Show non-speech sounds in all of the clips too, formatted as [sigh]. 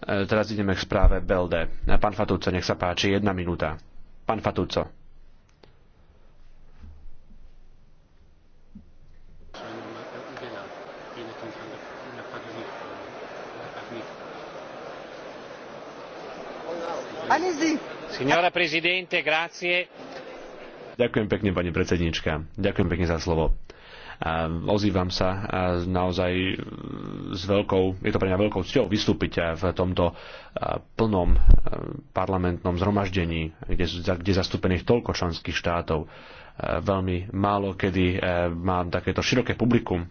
E, teraz ideme k správe Belde. E, pán Fatúco, nech sa páči, jedna minúta. Pán Fatúco. Signora Presidente, grazie. Ďakujem pekne, pani predsednička. Ďakujem pekne za slovo Ozývam sa naozaj s veľkou, je to pre mňa veľkou cťou vystúpiť v tomto plnom parlamentnom zhromaždení, kde, kde zastúpených toľko členských štátov. Veľmi málo kedy e, mám takéto široké publikum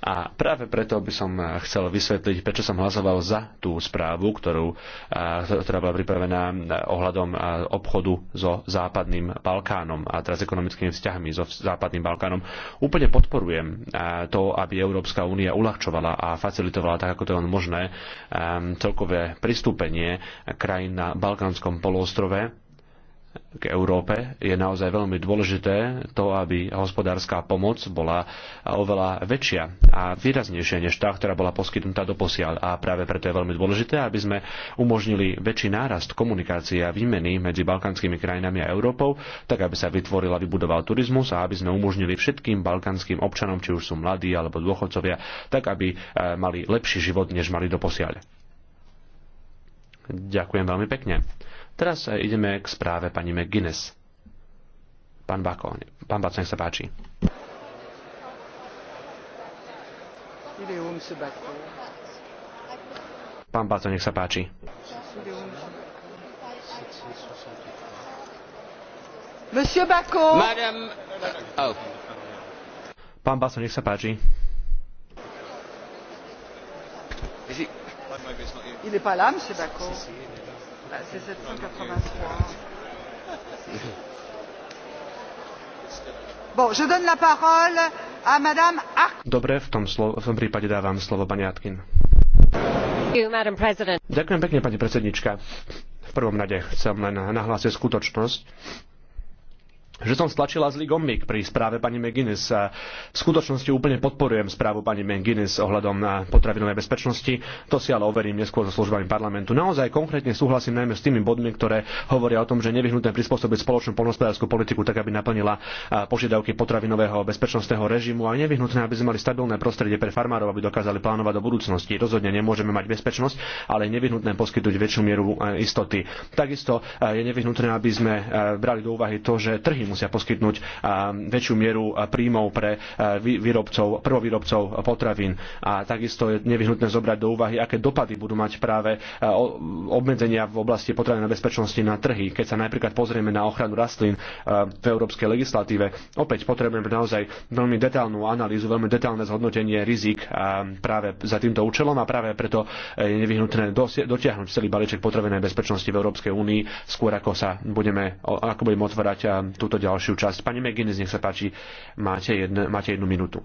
a práve preto by som eh, chcel vysvetliť, prečo som hlasoval za tú správu, ktorú, eh, ktorá bola pripravená eh, ohľadom obchodu so Západným Balkánom a teraz ekonomickými vzťahmi so Západným Balkánom. Úplne podporujem to, aby Európska únia uľahčovala a facilitovala tak, ako to je len možné, celkové pristúpenie krajín na Balkánskom poloostrove k Európe je naozaj veľmi dôležité to, aby hospodárska pomoc bola oveľa väčšia a výraznejšia než tá, ktorá bola poskytnutá doposiaľ. A práve preto je veľmi dôležité, aby sme umožnili väčší nárast komunikácie a výmeny medzi balkánskymi krajinami a Európou, tak aby sa vytvoril a vybudoval turizmus a aby sme umožnili všetkým balkánskym občanom, či už sú mladí alebo dôchodcovia, tak aby eh, mali lepší život, než mali doposiaľ. Ďakujem veľmi pekne. Teraz eh, ideme k správe pani McGuinness. Pán Bako, pán Baco, nech sa páči. Pán Baco, nech sa páči. Monsieur Bako. Madame... Oh. Pán Baso, nech sa páči. Il n'est pas là, monsieur Bako c'est 783. Bon, je donne la parole à Madame Ark. Dobre, v tom, slo- v tom prípade dávam slovo pani Atkin. Ďakujem pekne, pani predsednička. V prvom rade chcem len nahlásiť skutočnosť, že som stlačila zlý gombík pri správe pani McGuinness. V skutočnosti úplne podporujem správu pani McGuinness ohľadom na potravinovej bezpečnosti. To si ale overím neskôr so službami parlamentu. Naozaj konkrétne súhlasím najmä s tými bodmi, ktoré hovoria o tom, že nevyhnutné prispôsobiť spoločnú poľnohospodárskú politiku tak, aby naplnila požiadavky potravinového bezpečnostného režimu a nevyhnutné, aby sme mali stabilné prostredie pre farmárov, aby dokázali plánovať do budúcnosti. Rozhodne nemôžeme mať bezpečnosť, ale je nevyhnutné poskytnúť väčšiu mieru e, istoty. Takisto e, je nevyhnutné, aby sme e, brali do úvahy to, že trhy musia poskytnúť väčšiu mieru príjmov pre výrobcov, prvovýrobcov potravín. A takisto je nevyhnutné zobrať do úvahy, aké dopady budú mať práve obmedzenia v oblasti potravinovej bezpečnosti na trhy. Keď sa napríklad pozrieme na ochranu rastlín v európskej legislatíve, opäť potrebujeme naozaj veľmi detailnú analýzu, veľmi detailné zhodnotenie rizik práve za týmto účelom a práve preto e, je nevyhnutné dotiahnuť celý balíček potravinovej bezpečnosti v Európskej únii skôr ako sa budeme, ako budeme otvárať túto ďalšiu časť. Pani McGuinness, nech sa páči, máte, jedne, máte jednu minútu.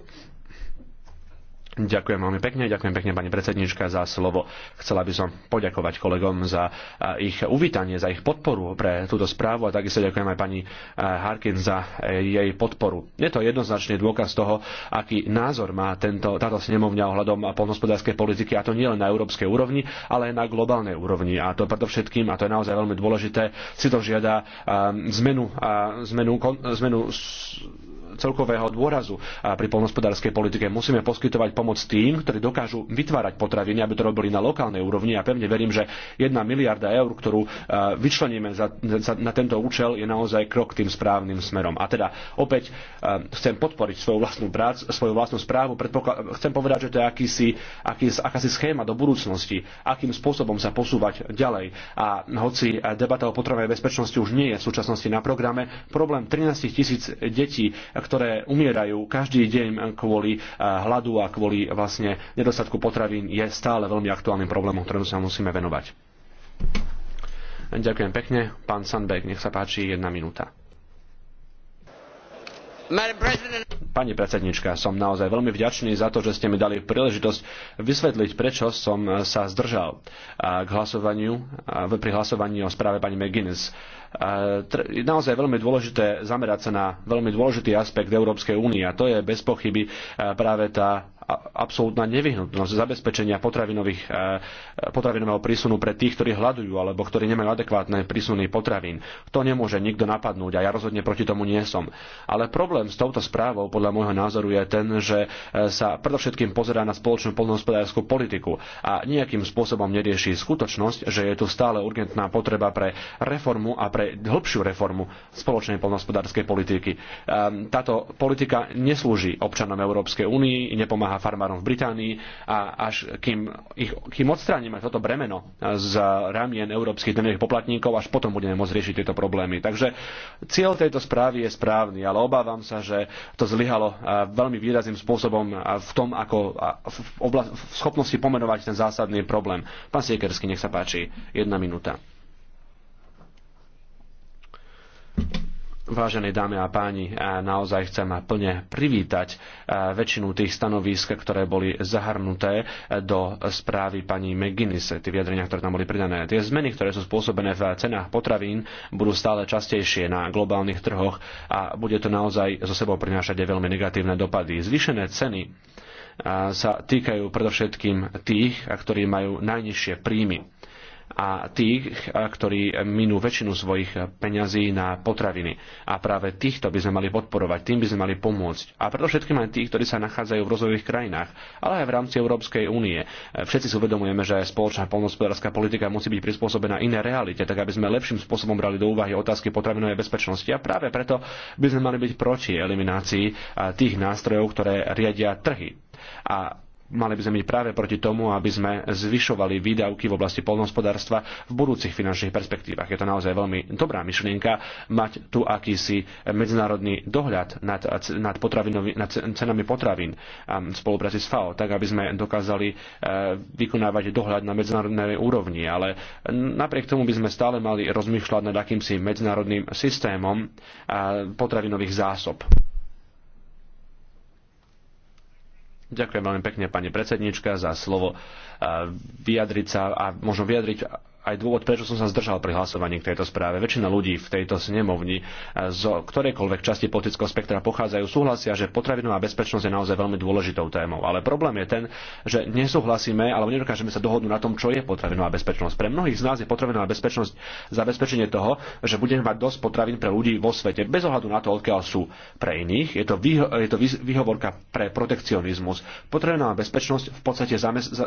Ďakujem veľmi pekne, ďakujem pekne pani predsednička za slovo. Chcela by som poďakovať kolegom za ich uvítanie, za ich podporu pre túto správu a takisto ďakujem aj pani Harkin za e, jej podporu. Je to jednoznačný dôkaz toho, aký názor má tento, táto snemovňa ohľadom polnospodárskej politiky a to nie len na európskej úrovni, ale aj na globálnej úrovni. A to predovšetkým, a to je naozaj veľmi dôležité, si to žiada zmenu, zmenu, zmenu celkového dôrazu pri polnospodárskej politike. Musíme poskytovať pomoc tým, ktorí dokážu vytvárať potraviny, aby to robili na lokálnej úrovni a pevne verím, že jedna miliarda eur, ktorú vyčleníme za, za, na tento účel, je naozaj krok tým správnym smerom. A teda opäť chcem podporiť svoju vlastnú prácu, svoju vlastnú správu. Chcem povedať, že to je akýsi, akási schéma do budúcnosti, akým spôsobom sa posúvať ďalej. A hoci debata o potravinovej bezpečnosti už nie je v súčasnosti na programe, problém 13 tisíc detí, ktoré umierajú každý deň kvôli eh, hladu a kvôli vlastne nedostatku potravín, je stále veľmi aktuálnym problémom, ktorému sa musíme venovať. Ďakujem pekne. Pán Sandbeck, nech sa páči, jedna minúta. Pani predsednička, som naozaj veľmi vďačný za to, že ste mi dali príležitosť vysvetliť, prečo som sa zdržal k hlasovaniu, pri hlasovaní o správe pani McGuinness. Je naozaj veľmi dôležité zamerať sa na veľmi dôležitý aspekt Európskej únie a to je bez pochyby práve tá absolútna nevyhnutnosť zabezpečenia potravinových, e, potravinového prísunu pre tých, ktorí hľadujú alebo ktorí nemajú adekvátne prísuny potravín. To nemôže nikto napadnúť a ja rozhodne proti tomu nie som. Ale problém s touto správou podľa môjho názoru je ten, že e, sa predovšetkým pozerá na spoločnú poľnohospodárskú politiku a nejakým spôsobom nerieši skutočnosť, že je tu stále urgentná potreba pre reformu a pre hĺbšiu reformu spoločnej poľnohospodárskej politiky. Ehm, táto politika neslúži občanom Európskej únii, nepomáha farmárom v Británii a až kým, ich, kým odstránime toto bremeno z ramien európskych daňových poplatníkov, až potom budeme môcť riešiť tieto problémy. Takže cieľ tejto správy je správny, ale obávam sa, že to zlyhalo veľmi výrazným spôsobom v tom, ako v, v schopnosti pomenovať ten zásadný problém. Pán Siekerský, nech sa páči, jedna minúta. Vážené dámy a páni, naozaj chcem plne privítať väčšinu tých stanovísk, ktoré boli zahrnuté e, do správy pani McGuinness, tie vyjadrenia, ktoré tam boli pridané. Tie zmeny, ktoré sú spôsobené v cenách potravín, budú stále častejšie na globálnych trhoch a bude to naozaj zo sebou prinášať aj veľmi negatívne dopady. Zvýšené ceny sa týkajú predovšetkým tých, ktorí majú najnižšie príjmy a tých, eh, ktorí minú väčšinu svojich peňazí na potraviny. A práve týchto by sme mali podporovať, tým by sme mali pomôcť. A predovšetkým aj tých, ktorí sa nachádzajú v rozvojových krajinách, ale aj v rámci Európskej únie. Eh, všetci si uvedomujeme, že spoločná polnospodárska politika musí byť prispôsobená iné realite, tak aby sme lepším spôsobom brali do úvahy otázky potravinovej bezpečnosti. A práve preto by sme mali byť proti eliminácii eh, tých nástrojov, ktoré riadia trhy. A mali by sme byť práve proti tomu, aby sme zvyšovali výdavky v oblasti polnohospodárstva v budúcich finančných perspektívach. Je to naozaj veľmi dobrá myšlienka mať tu akýsi medzinárodný dohľad nad, nad, nad cenami potravín a v spolupráci s FAO, tak aby sme dokázali e, vykonávať dohľad na medzinárodnej úrovni. Ale napriek tomu by sme stále mali rozmýšľať nad akýmsi medzinárodným systémom potravinových zásob. Ďakujem veľmi pekne, pani predsednička, za slovo eh, vyjadriť sa a možno vyjadriť aj dôvod, prečo som sa zdržal pri hlasovaní k tejto správe. Väčšina ľudí v tejto snemovni eh, z ktorejkoľvek časti politického spektra pochádzajú, súhlasia, že potravinová bezpečnosť je naozaj veľmi dôležitou témou. Ale problém je ten, že nesúhlasíme alebo nedokážeme sa dohodnúť na tom, čo je potravinová bezpečnosť. Pre mnohých z nás je potravinová bezpečnosť zabezpečenie toho, že budeme mať dosť potravín pre ľudí vo svete, bez ohľadu na to, odkiaľ sú. Pre iných je to, výho- je to výhovorka pre protekcionizmus. Potravinová bezpečnosť v podstate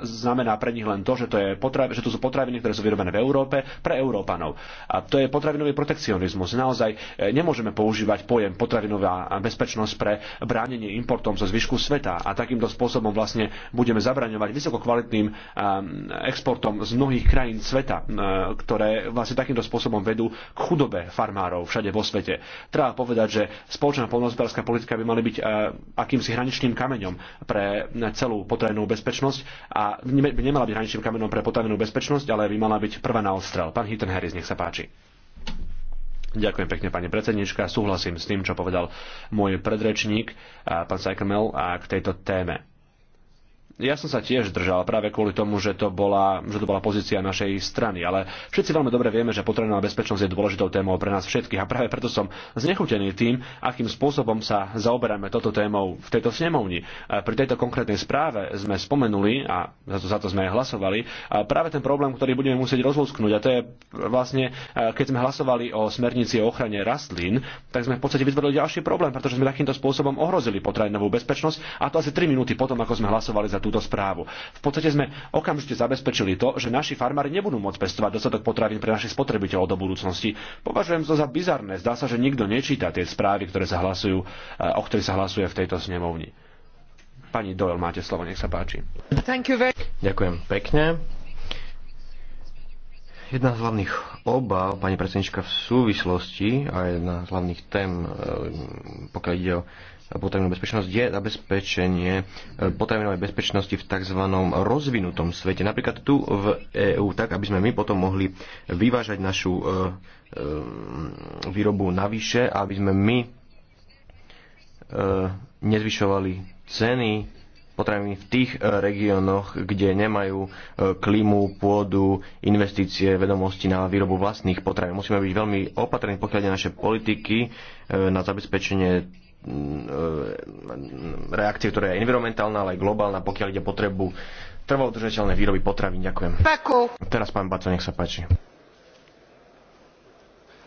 znamená pre nich len to, že, to je potra- že tu sú potraviny, ktoré sú vyrobené v Európe pre Európanov. A to je potravinový protekcionizmus. Naozaj e, nemôžeme používať pojem potravinová bezpečnosť pre bránenie importom zo zvyšku sveta a takýmto spôsobom vlastne budeme zabraňovať vysokokvalitným e, exportom z mnohých krajín sveta, e, ktoré vlastne takýmto spôsobom vedú k chudobe farmárov všade vo svete. Treba povedať, že spoločná poľnohospodárska politika by mala byť akýmsi hraničným kameňom pre celú potravinovú bezpečnosť a by nemala byť hraničným kameňom pre potravinovú bezpečnosť, ale by mala byť prvá na ostrel. Pán Heaton Harris, nech sa páči. Ďakujem pekne, pani predsednička. Súhlasím s tým, čo povedal môj predrečník, pán Sajkmel, a k tejto téme. Ja som sa tiež držal práve kvôli tomu, že to bola, že to bola pozícia našej strany, ale všetci veľmi dobre vieme, že potravinová bezpečnosť je dôležitou témou pre nás všetkých a práve preto som znechutený tým, akým spôsobom sa zaoberáme toto témou v tejto snemovni. Pri tejto konkrétnej správe sme spomenuli, a za to, za to sme aj hlasovali, práve ten problém, ktorý budeme musieť rozlúsknuť a to je vlastne, keď sme hlasovali o smernici o ochrane rastlín, tak sme v podstate vytvorili ďalší problém, pretože sme takýmto spôsobom ohrozili potravinovú bezpečnosť a to asi 3 minúty potom, ako sme hlasovali za tú túto správu. V podstate sme okamžite zabezpečili to, že naši farmári nebudú môcť pestovať dostatok potravín pre našich spotrebiteľov do budúcnosti. Považujem to za bizarné. Zdá sa, že nikto nečíta tie správy, ktoré sa hlasujú, eh, o ktorých sa hlasuje v tejto snemovni. Pani Doyle, máte slovo, nech sa páči. Very... Ďakujem pekne. Jedna z hlavných obav, pani predsednička, v súvislosti a jedna z hlavných tém, eh, pokiaľ ide o potravinovú bezpečnosť je zabezpečenie e, potravinovej bezpečnosti v tzv. rozvinutom svete. Napríklad tu v EÚ, tak aby sme my potom mohli vyvážať našu e, e, výrobu navyše, aby sme my nezvyšovali ceny potravín v tých regiónoch, kde nemajú klímu, pôdu, investície, vedomosti na výrobu vlastných potravín. Musíme byť veľmi opatrní, pokiaľ naše politiky na zabezpečenie Mm, e, reakcie, ktorá je environmentálna, ale aj globálna, pokiaľ ide potrebu trvalo výroby potravín. Ďakujem. Paku. Teraz pán Baco, nech sa páči.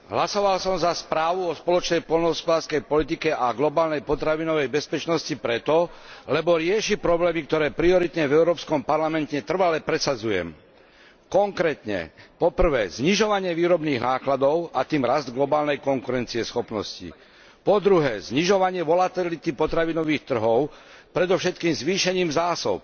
Hlasoval som za správu o spoločnej poľnohospodárskej politike a globálnej potravinovej bezpečnosti preto, lebo rieši problémy, ktoré prioritne v Európskom parlamente trvale presadzujem konkrétne poprvé znižovanie výrobných nákladov a tým rast globálnej konkurencieschopnosti po druhé znižovanie volatility potravinových trhov predovšetkým zvýšením zásob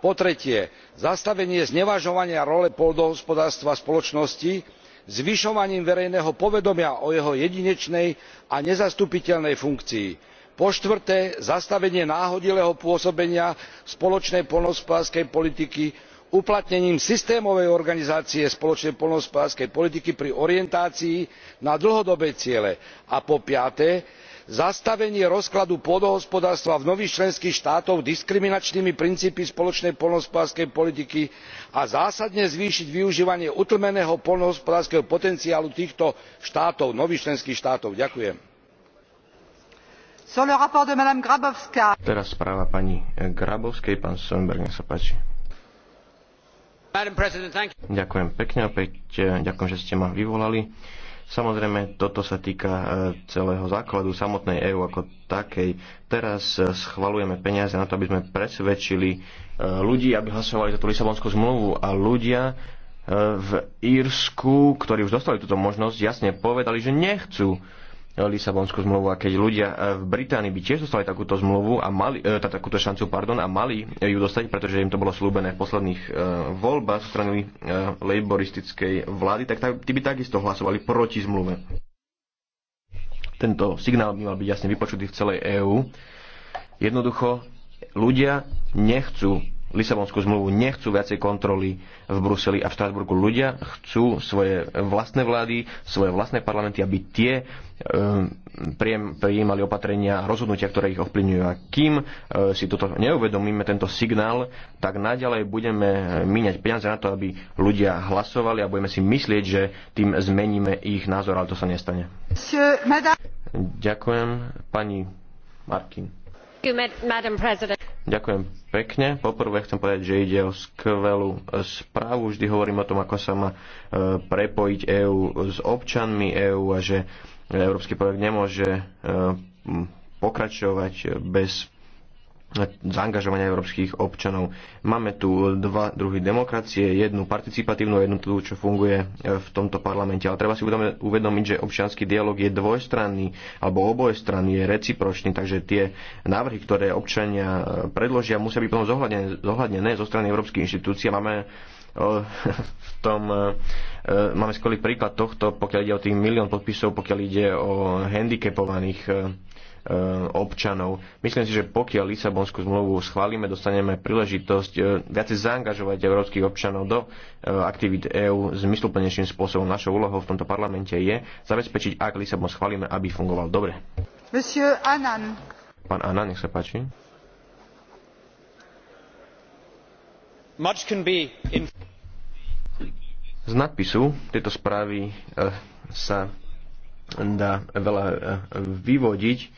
po tretie zastavenie znevažovania role pôdohospodárstva spoločnosti zvyšovaním verejného povedomia o jeho jedinečnej a nezastupiteľnej funkcii po štvrté zastavenie náhodilého pôsobenia spoločnej poľnohospodárskej politiky uplatnením systémovej organizácie spoločnej poľnohospodárskej politiky pri orientácii na dlhodobé ciele a po piate zastavenie rozkladu pôdohospodárstva v nových členských štátoch diskriminačnými princípmi spoločnej poľnohospodárskej politiky a zásadne zvýšiť využívanie utlmeného poľnohospodárskeho potenciálu týchto štátov nových členských štátov. ďakujem. Ďakujem pekne, opäť e, ďakujem, že ste ma vyvolali. Samozrejme, toto sa týka e, celého základu samotnej EÚ ako takej. Teraz e, schvalujeme peniaze na to, aby sme presvedčili ľudí, aby hlasovali za tú Lisabonskú zmluvu a ľudia v Írsku, ktorí už dostali túto možnosť, jasne povedali, že nechcú Lisabonskú zmluvu a keď ľudia e, v Británii by tiež dostali takúto zmluvu a mali, e, tá, takúto šancu pardon, a mali ju dostať, pretože im to bolo slúbené v posledných uh, voľbách zo strany uh, laboristickej vlády, tak tá, tí by takisto hlasovali proti zmluve. Tento signál by mal byť jasne vypočutý v celej EÚ. Jednoducho, ľudia nechcú Lisabonskú zmluvu, nechcú viacej kontroly v Bruseli a v Štrasburgu. Ľudia chcú svoje vlastné vlády, svoje vlastné parlamenty, aby tie e, prijímali opatrenia, rozhodnutia, ktoré ich ovplyvňujú. A kým e, si toto neuvedomíme, tento signál, tak naďalej budeme míňať peniaze na to, aby ľudia hlasovali a budeme si myslieť, že tým zmeníme ich názor, ale to sa nestane. Ďakujem. Pani Markin. Madam President. Ďakujem pekne. Poprvé chcem povedať, že ide o skvelú e, správu. Vždy hovorím o tom, ako sa má e, prepojiť EÚ s občanmi EÚ a že európsky projekt nemôže e, pokračovať bez zaangažovania európskych občanov. Máme tu dva druhy demokracie, jednu participatívnu, jednu tú, čo funguje e, v tomto parlamente. Ale treba si uvedomiť, že občianský dialog je dvojstranný alebo obojstranný, je recipročný, takže tie návrhy, ktoré občania e, predložia, musia byť potom zohľadnené, zohľadnené zo strany európskych inštitúcií. Máme e, [laughs] v tom máme skvelý príklad tohto, pokiaľ ide o tých milión podpisov, pokiaľ ide o handicapovaných Eh, občanov. Myslím si, že pokiaľ Lisabonskú zmluvu schválime, dostaneme príležitosť eh, viacej zaangažovať európskych občanov do eh, aktivít EÚ zmysluplnejším spôsobom. Našou úlohou v tomto parlamente je zabezpečiť, ak Lisabon schválime, aby fungoval dobre. Monsieur Anan. Pán Anan, nech sa páči. Z nadpisu tejto správy sa dá veľa e, vyvodiť, e,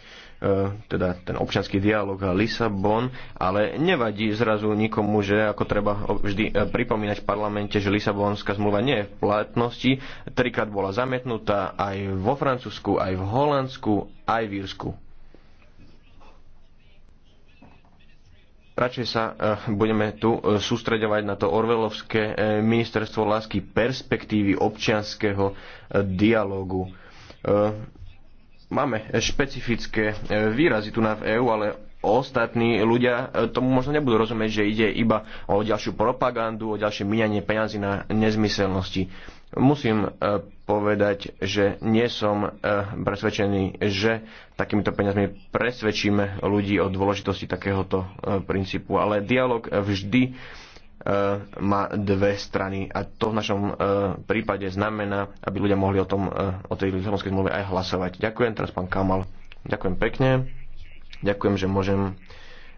teda ten občanský dialog a Lisabon, ale nevadí zrazu nikomu, že ako treba vždy e, pripomínať v parlamente, že Lisabonská zmluva nie je v platnosti, trikrát bola zametnutá aj vo Francúzsku, aj v Holandsku, aj v Írsku. radšej sa budeme tu sústreďovať na to Orvelovské ministerstvo lásky perspektívy občianského dialogu. E, máme špecifické e, výrazy tu na v EÚ, ale ostatní ľudia e, tomu možno nebudú rozumieť, že ide iba o ďalšiu propagandu, o ďalšie minanie peňazí na nezmyselnosti. Musím povedať, že nie som presvedčený, že takýmito peniazmi presvedčíme ľudí o dôležitosti takéhoto princípu, ale dialog vždy E, má dve strany. A to v našom e, prípade znamená, aby ľudia mohli o tom, e, o tej Lisabonskej zmluve aj hlasovať. Ďakujem, teraz pán Kamal. Ďakujem pekne. Ďakujem, že môžem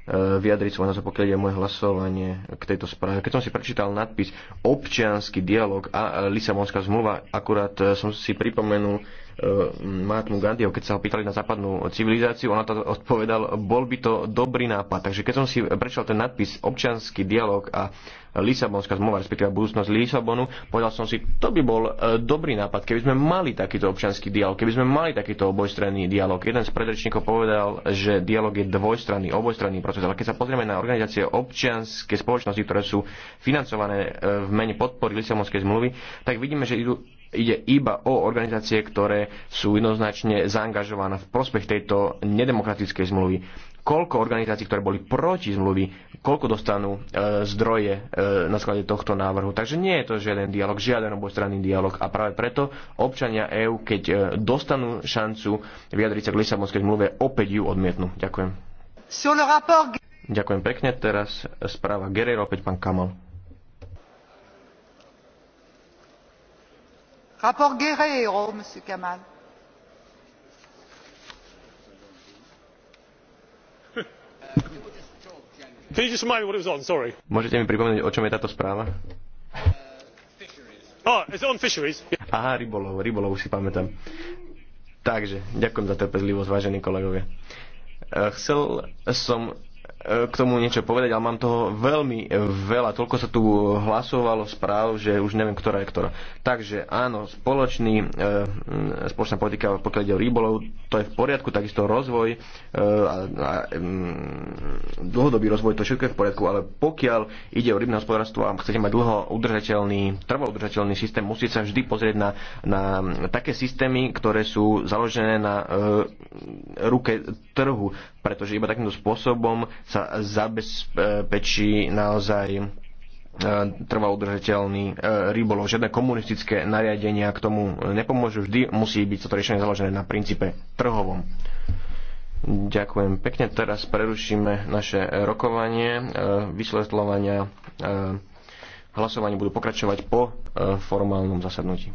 vyjadriť svoj názor, pokiaľ je moje hlasovanie k tejto správe. Keď som si prečítal nadpis Občianský dialog a Lisabonská zmluva, akurát som si pripomenul Eh, Mahatmu Gandhiho, keď sa ho pýtali na západnú civilizáciu, ona to odpovedal, bol by to dobrý nápad. Takže keď som si prečal ten nadpis občanský dialog a Lisabonská zmluva, respektíve budúcnosť Lisabonu, povedal som si, to by bol eh, dobrý nápad, keby sme mali takýto občanský dialog, keby sme mali takýto obojstranný dialog. Jeden z predrečníkov povedal, že dialog je dvojstranný, obojstranný proces, ale keď sa pozrieme na organizácie občianskej spoločnosti, ktoré sú financované eh, v mene podpory Lisabonskej zmluvy, tak vidíme, že idú ide iba o organizácie, ktoré sú jednoznačne zaangažované v prospech tejto nedemokratickej zmluvy. Koľko organizácií, ktoré boli proti zmluvy, koľko dostanú e, zdroje e, na sklade tohto návrhu. Takže nie je to žiaden dialog, žiaden obojstranný dialog. A práve preto občania EÚ, keď e, dostanú šancu vyjadriť sa k Lisabonskej zmluve, opäť ju odmietnú. Ďakujem. Ďakujem pekne. Teraz správa Guerrero, opäť pán Kamal. rapport guerreiro monsieur kamall [laughs] Môžete mi pripomenúť, o čom je táto správa? [laughs] Oh, Aha, rybolov, rybolov už si pamätám. Takže, ďakujem za trpezlivosť, vážení kolegovia. Eh, chcel som k tomu niečo povedať, ale mám toho veľmi veľa. Toľko sa tu hlasovalo správ, že už neviem, ktorá je ktorá. Takže áno, spoločný, e, spoločná politika, pokiaľ ide o rybolov, to je v poriadku, takisto rozvoj e, a, a dlhodobý rozvoj, to všetko je v poriadku, ale pokiaľ ide o rybné hospodárstvo a chcete mať dlho udržateľný, trvalo udržateľný systém, musíte sa vždy pozrieť na, na také systémy, ktoré sú založené na e, ruke trhu, pretože iba takýmto spôsobom sa zabezpečí naozaj e, trvalo udržateľný e, rybolov. Žiadne komunistické nariadenia k tomu nepomôžu. Vždy musí byť toto riešenie založené na princípe trhovom. Ďakujem pekne. Teraz prerušíme naše rokovanie. E, vysvetľovania hlasovanie budú pokračovať po formálnom zasadnutí.